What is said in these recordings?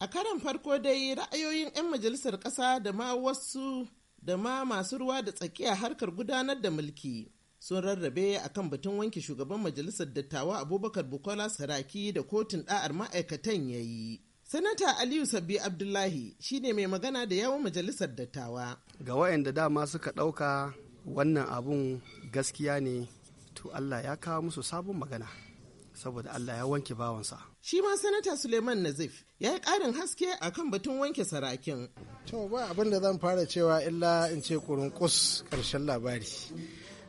A karan farko dai ra'ayoyin 'yan majalisar ƙasa da ma wasu da ma masu ruwa da tsakiya harkar gudanar da mulki sun rarrabe a kan batun wanke shugaban majalisar dattawa abubakar bukola saraki da kotun da'ar ma'aikatan ya yi. Sanata Aliyu Sabbi Abdullahi shine mai magana da yawon majalisar dattawa. Ga wayanda dama suka ɗauka wannan abun gaskiya ne to Allah ya kawo musu sabon magana. saboda Allah ya wanke bawansa. Shi ma Sanata Suleiman Nazif ya yi ƙarin haske a kan batun wanke sarakin. To ba abin da zan fara cewa illa in ce kurunkus ƙarshen labari.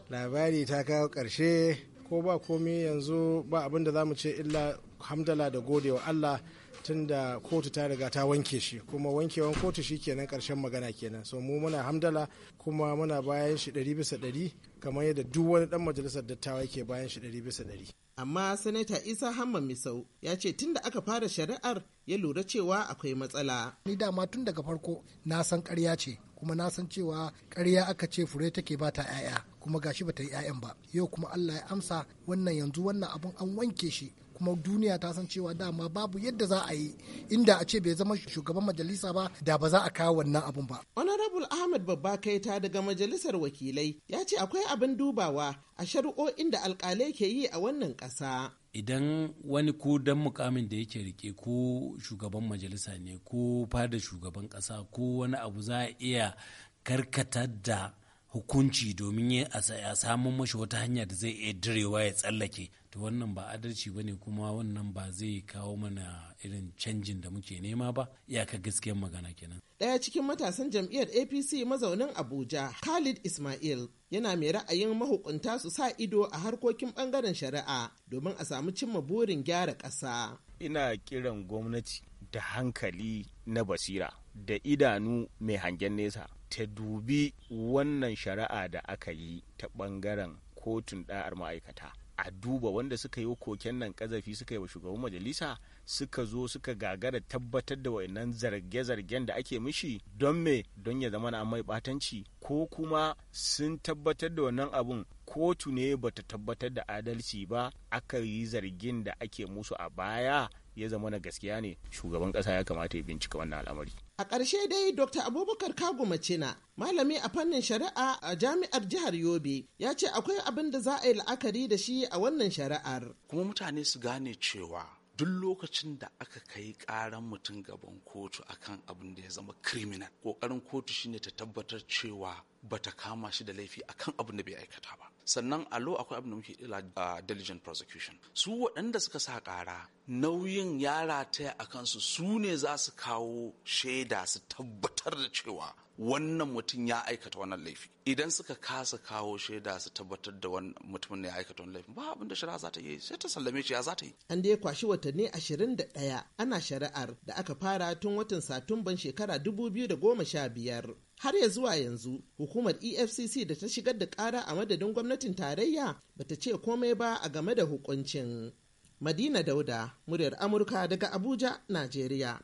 Labari ta kawo ƙarshe ko ba komi yanzu ba abin da za mu ce illa hamdala da gode wa Allah tun da kotu ta riga ta wanke shi kuma wankewan kotu shi kenan karshen magana kenan so mu muna hamdala kuma muna bayan shi ɗari bisa ɗari kamar yadda duk wani ɗan majalisar dattawa yake bayan shi ɗari bisa ɗari. amma sanata isa hamman misau ya ce tun da aka fara shari'ar ya lura cewa akwai matsala ni dama tun daga farko na san karya ce kuma na san cewa karya aka ce fure take ba ta 'ya'ya kuma gashi ba ta yi 'ya'yan ba yau kuma allah ya amsa wannan yanzu wannan abun an wanke shi kuma duniya ta san cewa dama babu yadda za a yi inda a ce bai zama shugaban majalisa ba da ba za a kawo wannan abun ba. Honorable Ahmad Babba Kaita daga majalisar wakilai ya ce akwai abin dubawa a shari'o'in da alkalai ke yi a wannan ƙasa. idan wani ko dan mukamin da yake rike ko shugaban majalisa ne ko fada shugaban ƙasa ko wani abu za a iya karkatar da hukunci domin ya samun mashi wata hanya da zai iya direwa ya tsallake to wannan ba adalci ba ne kuma wannan ba zai kawo mana irin canjin da muke nema ba ya ka gaskiyar magana kenan daya cikin matasan jam'iyyar apc mazaunin abuja khalid ismail yana mai ra'ayin mahukunta su sa ido a harkokin bangaren shari'a domin a samu cimma burin gyara ƙasa ina kiran gwamnati da hankali na basira da idanu mai hangen nesa ta dubi wannan shari'a da aka yi ta ɓangaren kotun ɗa'ar ma'aikata a duba wanda suka yi koken nan kazafi suka yi wa shugaban majalisa suka zo suka gagara tabbatar da wayannan zarge-zargen da ake mishi don me don ya zama na mai batanci ko kuma sun tabbatar da wannan abun kotu ne bata tabbatar da adalci ba aka yi zargin da ake musu a baya ya zama na gaskiya ne shugaban kasa ya kamata ya bincika wannan al'amari a ƙarshe dai dr abubakar kago macina malami a fannin shari'a a jami'ar jihar yobe ya ce akwai abin da za a yi la'akari da shi a wannan shari'ar kuma mutane su gane cewa duk lokacin da aka kai karan mutum gaban kotu akan abin da ya zama criminal kokarin kotu shine ta tabbatar cewa bata kama shi da laifi akan abin da bai aikata ba sannan a lo akwai abin da muke ila diligent prosecution su waɗanda suka sa ƙara nauyin ya rataya a kansu su ne za su kawo shaida su tabbatar da cewa wannan mutum ya aikata wannan laifi idan suka kasa kawo shaida su tabbatar da wannan mutumin ya aikata wannan laifi ba abin da shari'a za ta yi sai ta sallame shi ya za ta yi an da ya kwashi watanni 21 ana shari'ar da aka fara tun watan satumban shekara dubu biyu da goma sha biyar. har ya zuwa yanzu hukumar efcc da ta shigar da ƙara a madadin gwamnatin tarayya bata ce komai ba a game da hukuncin madina dauda muryar amurka daga abuja najeriya